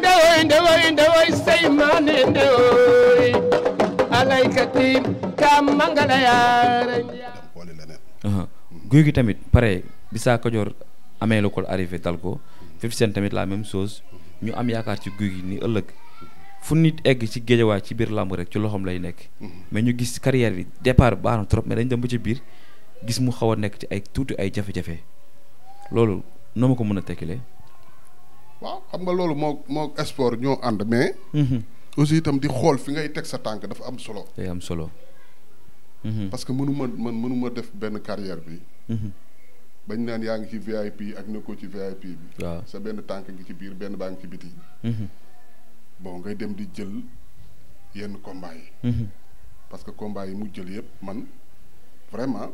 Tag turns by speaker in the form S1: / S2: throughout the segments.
S1: ndewoy ndewoy ndewoy seymane ndewoy alaykati
S2: guy gi tamit pare bi saa kajoor amee la ko arrivé ko Fifty tamit la même chose ñu am yaakaar ci guy gi ni ëllëg fu nit egg ci géejawaay ci biir làmb rek ci loxoom lay nekk mhm. mais ñu gis carrière bi départ baax na trop mais dañ dem ci biir gis mu xaw a nekk ci ay tuuti ay jafe-jafe loolu noo ma ko mën a tekkilee
S1: waaw xam nga loolu moo moo espoor ñoo ànd mais. Mhm. aussi itam di xool fi ngay teg sa tànk dafa am solo.
S2: day am solo. Mhm. parce
S1: que mënu ma man mënu ma def benn carrière bi. Mhm. bañ naan yaa ngi ci VIP ak nekkoo ci VIP bi. waaw sa benn tànk ngi ci biir benn baa ngi ci biti. bon ngay dem di jël yenn combat yi. parce que combat yi mu jël yëpp man vraiment.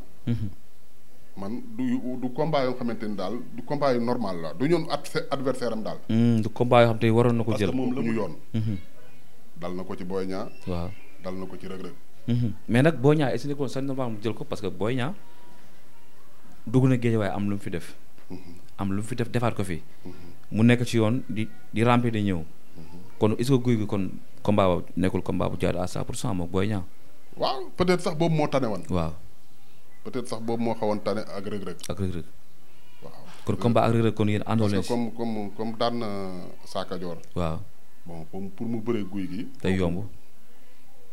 S1: man du du combat yo xamanteni dal du combat yu normal la du ñoon adversaire am dal
S2: hmm du combat yo xamanteni waron nako jël parce que moom la hmm.
S1: dal nako ci boyña wa dal nako ko ci Reug Reug.
S2: Hmm. mais nak boyña est-ce ni ko sa normal mu jël ko parce que boyña Niang na géej way am lu fi def. Hmm. am lu fi def defaat ko fi. mu nekk ci yoon di di ramper di ñew kon est-ce que guy kon combat nekul combat bu jaar à 100 mo boyña moom
S1: waaw peut-être sax boobu mo tané won waaw. peut-être sax boobu moo xawoon tane ak rëg-rëg. waaw kon combat ak rëg-rëg kon yéen àndoo leen comme comme comme na Saaka Joor. waaw bon pour mu bëree guy gi. day yomb.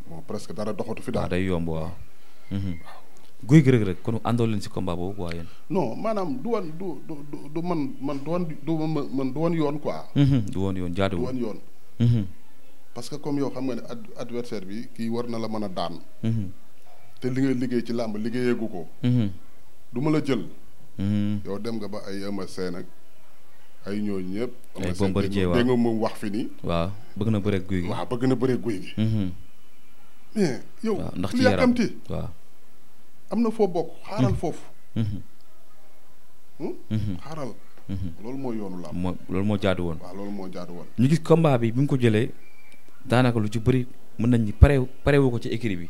S1: bon presque dara doxatu fi daal. Ah,
S2: day yomb waaw. Mhm. guy gi rëg rek kon àndoo leen si combat boobu waa yéen.
S1: non maanaam du woon du du man man du woon du man du woon yoon quoi.
S2: Mhm, du woon yoon jaadu.
S1: du woon yoon. Mhm. parce que comme yow xam nga ne adversaire bi kii war na la mën a daan. te li ngay liggéey ci làmb liggéeyeegu ko. Mhm. du ma la jël. Mhm. yow dem nga ba ay ama Sène ak ay ñoo ñëpp. ay Bombardier waaw dégg nga moom wax fi nii. waaw bëgg na bëreeg guy gi. waaw bëgg na bëreeg guy gi. Mhm. mais yow. waaw ndax ci yaram li waaw. am na foo bokk xaaral foofu. Hmm? xaaral. loolu moo yoonu làmb.
S2: mo loolu moo jaadu woon.
S3: waaw loolu moo jaadu woon.
S2: ñu gis combat bi bi mu ko jëlee daanaka lu ci bëri mën nañ ni pare parewu ko ci écrit bi.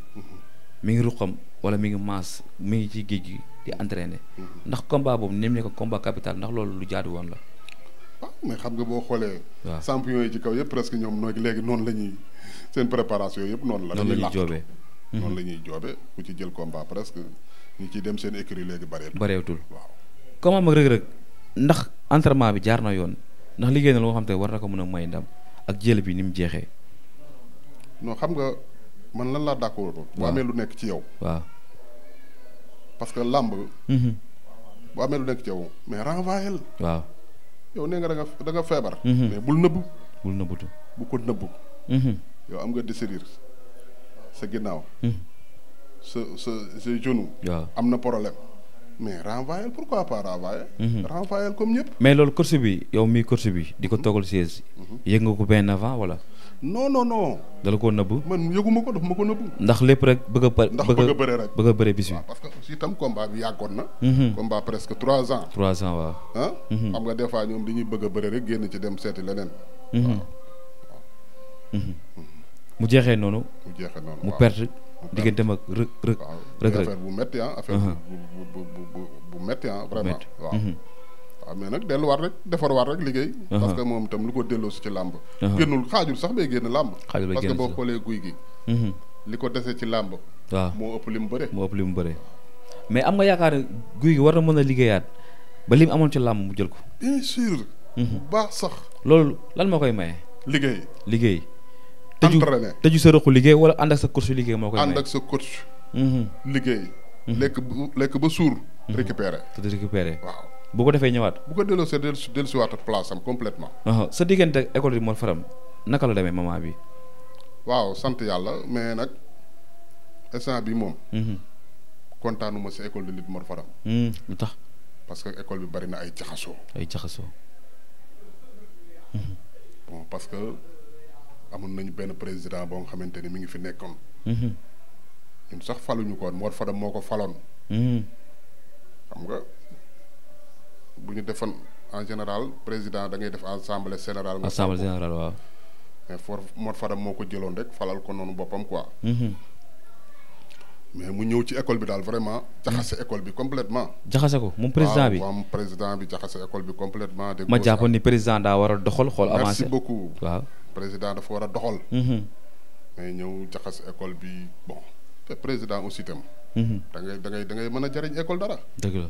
S2: mi ngi ruqam wala mi ngi maas mi ngi ci géej gi di entraîner. Mm-hmm. ndax compa boobu nem ne ko combat capital ndax loolu lu jaadu woon la.
S1: ah xam nga boo xoolee. waaw champion yi ci kaw yëpp presque ñoom nooy léegi noonu la ñuy seen préparation yëpp noonu la. noonu la ñuy joobee noonu la mm-hmm. ñuy joobee ku ci jël combat presque ñu ciy dem seen écurie léegi bareetul. bareetul waaw.
S2: comment mag rëg-rëg ndax entrement bi jaar na yoon ndax liggéey na loo xam te war na ko mën a may ndam ak jël bi ni mu jeexee.
S1: man lan laa d'accordoon bu amee lu nekk ci yow waaw parce que làmb mm-hmm. bu amee lu nekk ci yow mais renvoyé la waaw yow nee nga da feebar mm-hmm. mais bul nëbb bul bu ko nëbb mm-hmm. yow am nga décérir ginnaaw sa sa am na problème mais renvoyé pourquoi pas renvoyé. renvoyé comme ñëpp.
S2: mais loolu course bi yow mii course bi di ko toggal siège. yëg nga ko benn avant wala.
S1: non non non.
S2: dala koo nëbb.
S1: man yëguma ko daf ma ko
S2: ndax lépp rek bëgg a. ndax bëgg bëre rek bëgg a bëre parce
S1: que aussi itam combat bi yàggoon na. Mhm. combat presque trois ans. trois ans waaw. ah. xam nga des fois ñoom dañuy bëgg a rek génn ci dem seeti leneen.
S2: Mhm. waaw. mu jeexee noonu. mu jeexee mu perte. digganteem ak rëg rëg. rëg rëg affaire bu métti ah. affaire bu
S1: bu bu bu bu métti ah. waaw mais nag delluwaat rek defarwaat rek liggéey. Uh-huh. parce que moom itam lu ko delloo si ci làmb. Uh-huh. génnul xaajul sax bay génn làmb. xaajul parce que boo xoolee guy gi. Uh-huh. li ko dese ci làmb. moo ëpp li mu bëre.
S2: moo ëpp li mu bëre mais am nga yaakaar ne guy gi war na mën a liggéeyaat ba li mu amoon ci làmb mu jël ko.
S1: bien sûr. bu baax sax.
S2: loolu lan moo koy maye. liggéey liggéey. entraîné tëju tëju sa rëqu liggéey wala ànd ak sa coach liggéey moo koy maye ak
S1: sa coach. liggéey. lekk lekk ba suur. récupéré te di récupéré waaw. bu ko defee ñëwaat. bu ko delloo sa dellusi dellusiwaat place am complètement. Uh-huh. sa diggante école yi Mor
S2: Faram naka la demee maman bi.
S1: waaw sant yàlla mais nag instant bi moom. Mm-hmm. kontaanuma si école de lutte Mor Faram.
S2: Mm, lu tax.
S1: parce que école bi bari na ay jaxasoo. ay jaxasoo. Mm-hmm. bon parce que amoon nañu benn président boo xamante ni mi ngi fi nekkoon. Mm-hmm. ñun sax faluñu ko woon Mor Faram moo ko faloon.
S3: xam
S1: nga bu ñu defoon en général président da ngay def assemblée générale.
S2: assemblée générale waaw.
S1: mais for Mor fara moo ko jëloon rek falal ko noonu boppam quoi. Mhm. mais mu ñëw ci école bi daal vraiment jaxase école bi complètement
S2: jaxase ko moom président bi
S1: waaw président bi jaxase école bi complètement ma jàppoon
S2: ni président daa war a doxal xool avancé merci beaucoup waaw
S1: président dafa war a doxal mhm. mais ñëw jaxase école bi bon te président aussi tam mhm. da ngay da ngay da ngay mën a jariñ école dara dëgg la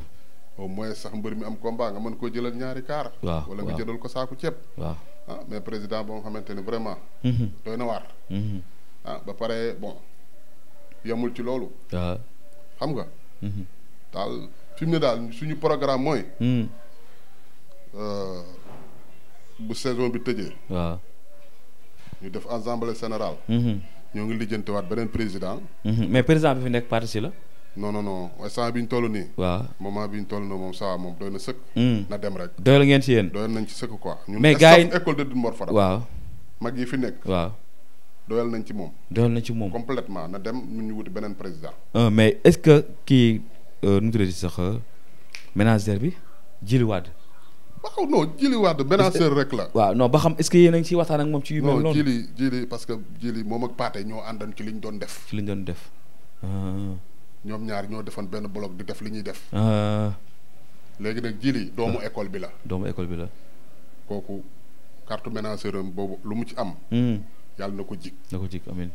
S1: au moins sax mbër mi am combat nga mën koo jëlal ñaari kaar.
S3: wala nga jëlal ko saaku ceeb. waaw
S1: ah, mais président boo nga xamante ne vraiment. Mhm. doy na waar. Mhm. Ah, ba pare bon ci loolu. Ah. xam nga. Mhm. daal fi ne daal suñu programme mooy. Euh, bu saison bi tëjee. ñu def assemblée générale. ñoo ngi waat beneen président.
S2: mais président bi fi nekk parti si la.
S1: non non non instant bi ñu toll nii. waaw moment bi ñu toll na moom ça moom doy na sëkk. Hmm. na dem rek. doyal ngeen ci yéen. doyal nañ ci sëkk quoi. mais gars yi ñun école de Mor Fadam. fi nekk. waaw doyal nañ ci moom. doyal nañ ci moom complètement na dem ñu wuti beneen président.
S2: Ah, mais est-ce que kii euh, nu mu tuddati sax euh, bi Djily Wade.
S1: waaw non Djily Wade ménagère rek
S2: ba xam est-ce que yéen ak
S1: moom ci yu mel noonu. parce que Djily moom ak Pathé ñoo àndan ci liñ doon def. ci liñ doon def. Ah. ñoom ñaari ñoo defoon benn bloc di def li ñuy def.
S2: Ah.
S1: léegi nag jili doomu ah. école bi la.
S2: doomu école bi la.
S1: kooku carte ménagère am boobu lu mu ci am. Hmm. yàlla na ko jig. na ko jig amiin.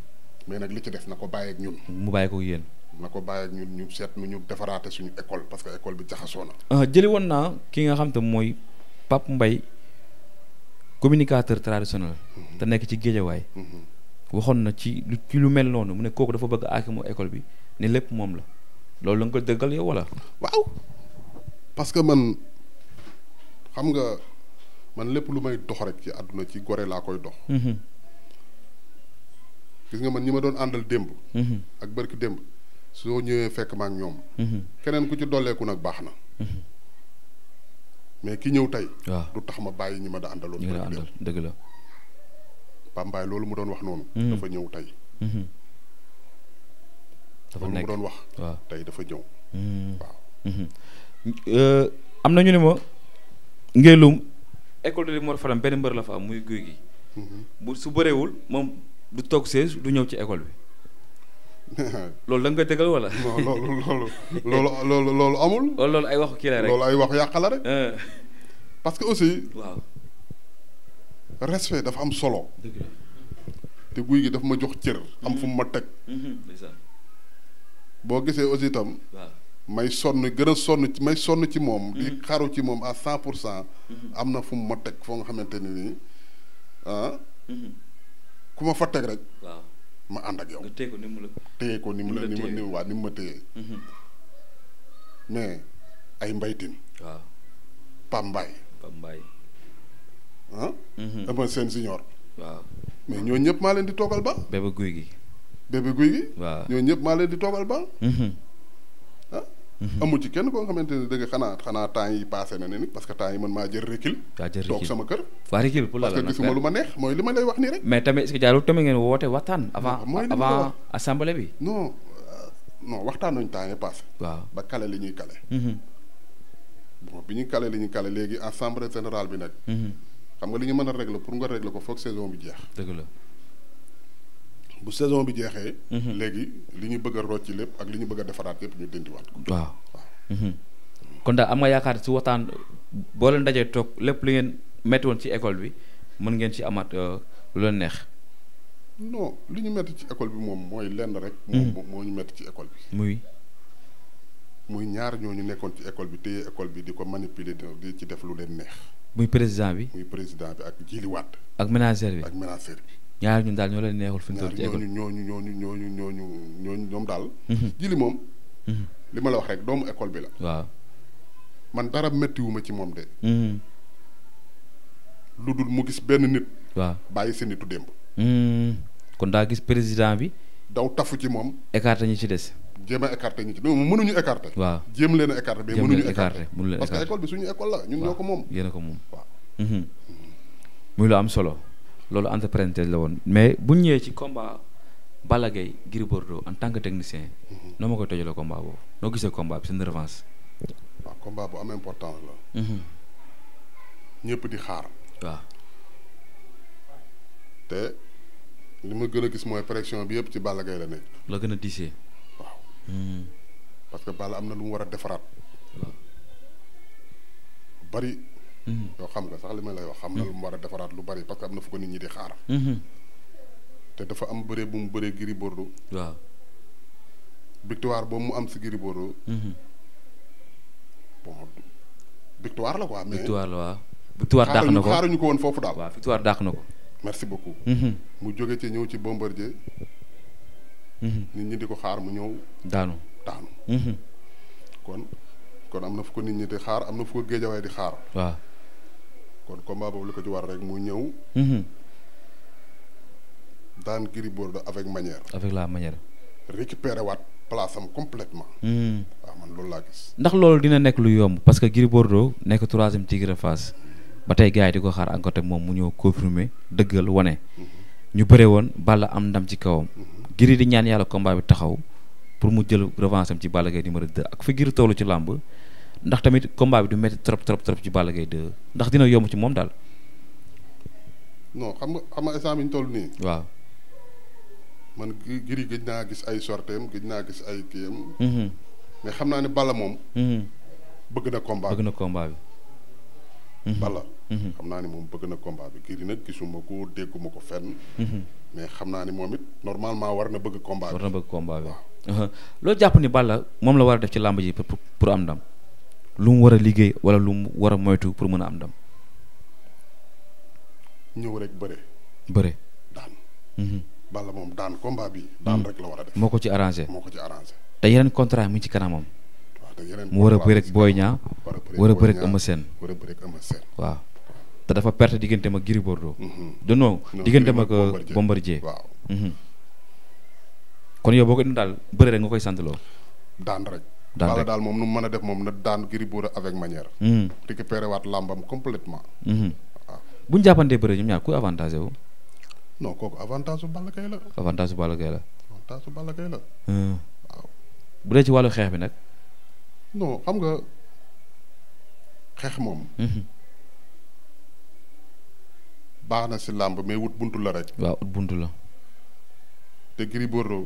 S1: mais nag li ci def na ko bàyyi ak ñun. mu bàyyi ko yéen. na ko bàyyi ñun ñu seet nu ñu defaraate suñu école parce que école bi jaxasoo na.
S2: Ah, jëli woon naa ki nga xam te mooy Pape mbay communicateur traditionnel. Mm-hmm. te nekk ci géejawaay. Mm-hmm. waxoon na ci lu ci lu mel noonu mu ne kooku dafa bëgg a aakimu
S1: école bi. ne lépp moom la loolu la nga ko dëggal yow wala. waaw parce que man xam nga man lépp lu may dox rek ci àdduna ci gore laa koy dox. Mhm. gis nga man ñi ma doon àndal démb. Mhm. ak barki démb soo ñëwee fekk ma ak ñoom. Mhm. keneen ku ci dolleeku nag baax na. mais ki ñëw tey. waaw du tax ma bàyyi ñi ma da àndaloon. ñi ma da dëgg la. Pambaay loolu mu doon wax noonu. dafa ñëw tey. dafa nekk doon wax. waaw tey dafa ñëw.
S2: Hmm. waaw. Hmm. Euh, am na ñu ne ma. Ngelum école de Mor Fadam benn mbër la fa am muy guy gi. Mhm. bu su bëreewul moom du toog siège du ñëw ci école bi. loolu da nga koy tegal loolu loolu amul. Oh, loolu ay waxu kii la rek
S1: loolu euh. parce que aussi. waaw respect dafa am solo. te guy gi dafa ma jox cër. am mhm. fu mu ma teg. Mhm, boo gisee aussi itam. may sonn gën a sonn ci may sonn ci moom. di mm-hmm. xaru ci moom à cent pour cent. Mm-hmm. am na fu mu ma teg foo nga xamante ne nii ah. mm-hmm. ku ma fa teg rek. ma ànd ak yow. nga ko ni mu la. téye ko ni mu ni mu waa ni mu ma téye. mais ay mbaytin. waaw Pambaay. Pambaay. ah. Eumeu Sène mais ñooñu ñëpp maa leen di toogal ba. guy gi. bébé guy gi. waaw ñooñu ñëpp maa leen di toogal banc. Mhm. ah. Mhm. amul ci kenn koo xamante dëgg xanaa xanaa temps yi passé na ne ni parce que temps yi man maa jël recul. ma jël recul toog sama kër.
S2: waa recul pour ma
S1: mooy li ma lay wax nii rek.
S2: mais tamit est-ce que jaarul waxtaan. avant avant assemblée bi.
S1: non euh, non waxtaan nañu temps yi passé. ba kale li ñuy kale. Mhm. bon bi ñu kale li ñu kale léegi assemblée général bi nag. xam nga li ñu mën a régler pour nga régler ko foog saison bi jeex. la. bu saison bi jeexee. Mhm. léegi li ñu bëgg a rocci lépp ak li ñu bëgg a defaraat yépp ñu dindiwaat ko.
S2: waaw mhm. kon daal am nga yaakaar si waxtaan boo leen dajee toog lépp li ngeen metti woon ci école bi mën ngeen ci amaat euh, lu neex.
S1: non ñu metti ci école bi moom mooy lenn rek. Mhm. moom moo ñu metti ci école bi. muy. muy ñaar ñu nekkoon ci école bi téye école bi di ko manipuler di ci def lu leen neex. muy président bi. muy président bi ak jiliwaat.
S2: ak ménagère bi ak ménagère bi. ñaar ñun daal ñoo leen neexul fi ñu toll ci école
S1: ñooñu ñooñu ñooñu ñooñu ñooñu ñoom daal mhm. ji li moom mhm. li ma la wax rek doomu école bi la waaw man dara méttiwuma ci moom de mhm. dul mu gis benn nit waaw bàyyi seen nitu démb
S2: kon daa gis président bi
S1: daw tafu ci moom
S2: écarté ñi ci des
S1: jéem a écarté ñi ci mënuñu écarté waaw
S2: jéem leen a écarté mais mënuñu écarté parce que école
S1: bi suñu école la ñun ñoo ko moom
S2: yéen ko moom waaw muy lu am solo loolu entre parenthèse la woon mais bu ñëwee ci combat Balla Gaye Gris Bordeaux en tant que technicien. Mhm. noo ma koy tojalee combat boobu noo gisee combat bi seen revanche.
S1: waaw combat bu am important la. Mhm. di xaar. waaw. te li ma gën a gis mooy pression bi yëpp ci Balla Gaye la nekk.
S2: la gën a diisee.
S1: Mhm. parce que bala am na lu mu war a defaraat. bari. Mm-hmm. yoo xam nga sax li may lay wax xam na lu mu war a defaraat lu bari parce que am na fu ko nit ñi di xaar mm-hmm. te dafa am bëre bu mu bëree Gris Bordeaux waaw victoire boobu mu am si Gris Bordeaux mm-hmm. victoire la ko mais victoire ko xaaruñu ko woon foofu daal victoire dàq na ko merci beaucoup mu jóge ci ñëw ci Bombardier nit ñi di ko xaar mu ñëw daanu kon kon am na fu ko nit ñi di xaar am na fu ko géejawaay di xaar waaw kon combat bobu liko ci war rek mu ñew hmm dan kiri Bordeaux avec manière. avec la manière. récupérer wat place am
S2: complètement. wa mhm. ah, man loolu la gis. ndax loolu dina nek lu yomb parce que giri Gris nek 3e Tigre face ba tey gars yi xaar encore te mom mu ñew confirmer deugal woné mhm. ñu bëre won Balla am ndam ci kawam. Mhm. giri di ñaan yalla combat bi taxaw pour mu jël revanche am ci Balla gay numéro 2 ak fi giri tolu ci lamb ndax tamit combat bi du métti trop trop trop ci Balla gay 2 ndax dina yomb ci moom daal.
S1: non xam nga xam nga instant bi ñu toll nii. waaw. man giri gëj naa gis ay sorteem gëj naa gis ay kiyam. Mm-hmm. mais xam naa ne Balla moom. Mm-hmm. bëgg na combat na combat bi. Mm-hmm. Balla. naa ni moom bëgg na combat bi giri nag gisuma ko dégguma ko fenn. mais xam naa ni moom it normalement war na bëgg combat bi. war na bëgg combat bi waaw.
S2: Uh-huh. loolu jàpp ni Balla moom la war a def ci làmb ji pour pour am ndam. lu mu war a liggéey wala lu mu war a moytu pour mën a am ndam.
S1: ñëw rek bëre.
S2: bëre mhm.
S1: moom daan combat bi.
S2: daan mhm. rek la war moo ko ci arrangé moo ko ci arrangé. te yeneen contrat mu ngi ci kanamam. waaw te yeneen mu war a bëre ak wara Niang. war a a bëre ak Eumeu Sène waaw. te dafa perte digganteem ak Gris Bordeaux. Mhm. de non digganteem ak euh, waaw. kon yow boo ko indi daal bëre rek nga koy sant loo.
S1: daan daal moom nu mu mën a def moom na daan Gris Bordeaux avec manière. Hmm. récupéré waat làmbam complètement
S2: waaw hmm. ah. bu ñu jàppantee bëre ñoom ñaar ku avantage wu.
S1: non kooku avantage su Balla Gaye la.
S2: avantage su Balla Gaye su Balla Gaye hmm. bu dee ci wàllu xeex bi nag.
S1: non xam nga xeex moom. baax na si làmb mais wut buntu la rek.
S2: waaw wut buntu la.
S1: te Gris Bordeaux.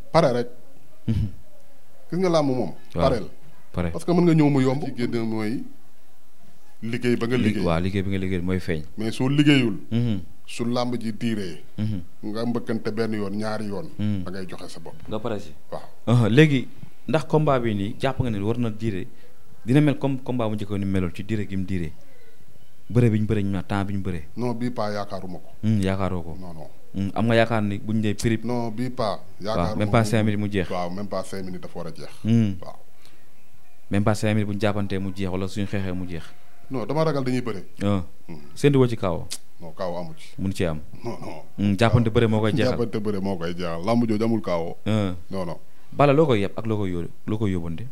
S1: pare rek. Mhm. gis nga làmb moom. pareel pare parce que mën nga ñëw mu yomb. ci génn mooy liggéey ba nga liggéey. waa
S2: liggéey bi nga liggéey mooy feeñ. mais
S1: soo liggéeyul. Mhm. su làmb ji diiree. Mhm. nga mbëkkante benn yoon ñaari yoon. da ngay joxe sa bopp.
S2: nga pare si waaw. Uh-huh, léegi ndax combat bi nii jàpp nga ne war na diire dina mel comme combat bu njëkkoon ni meloon ci diire gi mu diire. bëre bi ñu bëre ñu naan temps bi ñu bëre.
S1: non bii paa yaakaaruma ko. Hmm,
S2: yaakaaroo non non. Hmm, am nga yaakaar ni buñ dee prip non bi pa yaakaaruma même pas 5 minutes mu jeex. waaw
S1: même pas 5 minutes dafa wara jeex
S2: hmm waaw. même pas 5 minutes bu jappanté mu jeex wala suñu xexé mu jeex.
S1: non dama ragal dañuy bëré
S2: ah. hmm séntu wo ci kaw.
S1: non kaw amu ci. mun
S2: ci am. non non. hmm jappanté bëré mo koy jeexal
S1: jappanté bëré mo koy jeexal lamb jooju amul kaw hmm non non.
S2: bala loo koy yeb ak loo koy yóbbu loo koy yóbbante.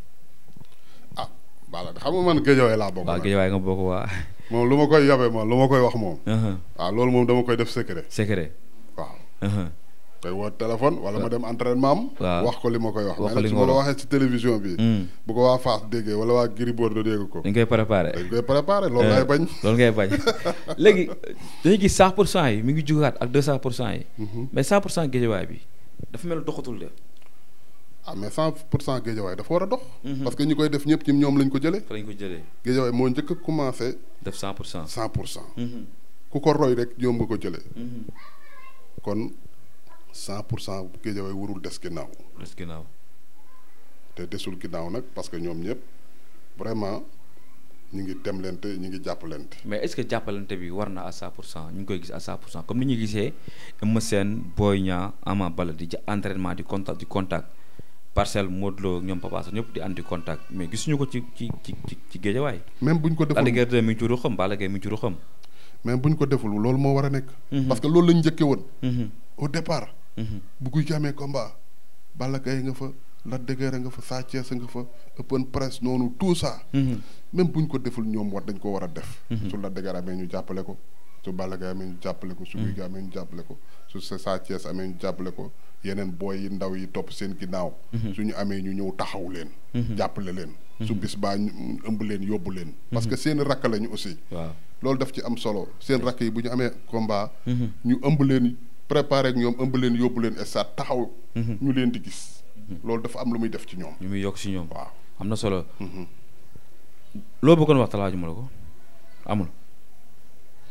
S1: ah bala xam nga man géejawaay la bokk. ba
S2: géejawaay nga bokk wa
S1: moom lu ma koy yabee ma lu ma koy wax moom. Uh-huh. waaw loolu moom dama koy def secret. secret waaw.
S3: koy uh-huh.
S1: woo wala ma uh-huh. dem entraînement am. wax ko li ma koy wax. wax ko waxee ci télévision bi. Mm. bu ko waa Fass déggee wala waa Gris Bordeaux dégg ko. dañ
S2: koy préparé dañ
S1: koy préparé loolu ngay bañ.
S2: loolu ngay bañ yi mi ngi jugaat ak 200 mm-hmm. cent pour cent géejawaay bi
S1: dafa mel doxatul de. ah mais cent pour cent géejawaay dafa war a dox. Mm-hmm. ñoom lañ ko jëlee. ko jëlee géejawaay moo njëkk a commencé. def cent pour cent cent pour cent mm-hmm. ku ko roy rek ñoom nga ko jëlee mm-hmm. kon cent pour cent bu Géejawaay warul des ginnaaw des ginnaaw te desul ginnaaw nag parce que ñoom ñëpp vraiment ñu ngi demlante ñu ngi jàppalante.
S2: mais est-ce que jàppalante bi war na à 100 pour cent ñu ngi koy gis à 100 pour cent comme ni ñu gisee Eumeu Sène Boy Niang Ama Baldé di entraînement di contact di contact parcelle Modou Lo ñoom Papa Sow ñëpp di anti contact mais gisuñu ko ci ci ci ci géejawaay.
S1: même buñ ko deful de
S2: mi ngi ci ruxam Balla Gaye
S1: loolu moo war a nekk. Mhm. parce que loolu lañ njëkkee woon. Mhm. au départ. Mhm. bu guy ci amee combat Balla Gaye nga fa Lac de Guiers nga fa Sa Thiès nga fa open press noonu tout ça. même buñ ko deful ñoom war dañ ko war a def. su Lac de Guiers amee ñu jàppale ko su Balla amee ñu jàppale ko. su guy gi amee jàppale ko su Sa Thiès amee ñu jàppale ko. yeneen booy yi ndaw yi topp seen mhm. su ñu amee ñu ñëw taxawu leen. Mhm. jàppale leen. Mhm. su bis baa ñu ëmb leen yóbbu leen. parce que seen rakk lañu aussi. waaw loolu daf ci am solo seen rakk yi bu ñu amee combat. ñu ëmb leen préparé ñoom ëmb leen yóbbu leen stade taxaw. ñu leen di gis. loolu dafa am lu muy def ci ñoom.
S2: ñu muy yokk ci ñoom waaw am na solo. loo bëggoon wax talaaju ma la ko amul.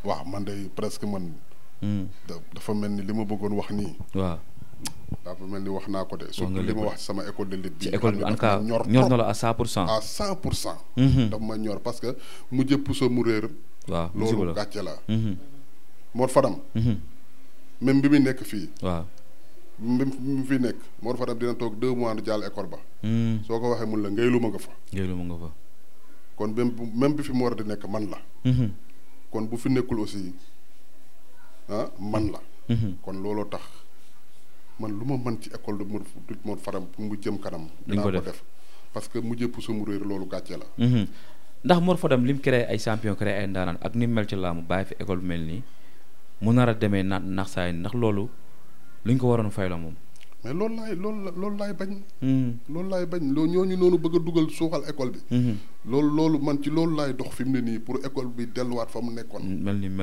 S1: waaw man de presque man. dafa mel ni li ma bëggoon wax nii. waaw. waaw mel ni wax naa ko de. surtout ma wax sama école de lutte bi. ci bi en tout ñor na la à 100 pour cent. à 100 pour cent. Mhm. daf ma ñor parce que mu jëpp sa mu réer. loolu gàcce la. Mhm. Mor Fadam. Mhm. même bi muy nekk fii. waaw même mu fi nekk Mor Fadam dina toog deux mois nu jàll école ba. soo ko waxee mun la ngay lu ma nga fa. ngay lu nga fa. kon fi mu war di nekk man la. kon bu fi nekkul aussi ah man la. kon looloo tax. man luma man ci école de mon mon Faram pour mu jëm kanam. dina ko def parce que jëp su mu reer lolu gatché la.
S2: Mhm. ndax Modou lim créé ay champion créé ay ndanan ak nim mel ci lamu baye fi école melni mu nara démé demee naat nax saa ndax lolu luñ ko waron fay la mais
S1: lolu lay lolu lay bañ hmm lolu lay bañ lo ñoñu nonu bëgg duggal école bi. Mhm. lolu lolu man ci lolu lay dox fi ni pour école bi delluwaat wat famu nekkon melni ni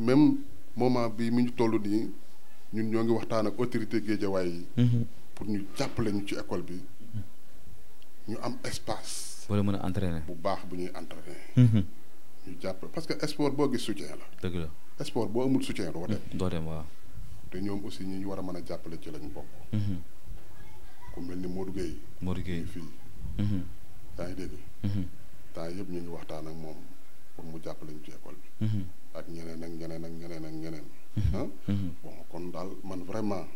S1: même moment bi mi ñu ñun ñoo ngi waxtaan ak autorité géejawaay yi. Mhm. pour ñu jàpp ñu ci école bi ñu am espace.
S2: wala mën a entraîner
S1: bu baax bu ñuy entraîner. Mhm. ñu jàpp parce que sport boo gis soutien la. dëgg la sport boo amul soutien doo dem. Mhm. doo dem waaw. te ñoom aussi ñi ñu war a mën a jàppale ci lañ bokk. ku mel ni Modou Gueye. Modou Gueye fii. yaa ngi dégg. temps yëpp ñu ngi waxtaan ak moom. pour mu jàppale ñu ci école bi. Mhm. ak ñeneen ak ñeneen ak ñeneen ak mhm. Ah? Mhm. kon daal man vraiment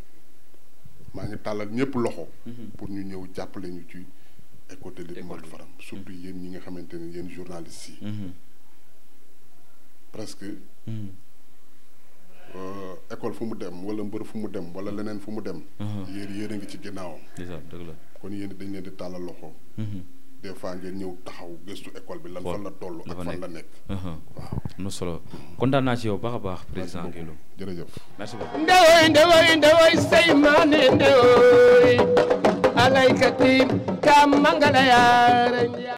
S1: maa ngi tàllal ñëpp loxo. pour ñu ñëw jàppale ñu ci école de lutte Modou Faram ñi nga xamante ne yéen journalistes yi. presque. Euh, fu mu dem wala mbër fu mu dem wala leneen fu mu dem. yéen yéen ngi ci ginnaawam. dëgg kon yéen dañ leen tàllal loxo. des fois ngeen ñëw taxaw gëstu école bi lan fan la toll ak fan la nekk
S2: waaw solo kontaan naa baax a baax
S1: président Guelum jërëjëf merci beaucoup ndewoy ndewoy ndewoy say maane ndewoy alaykati kam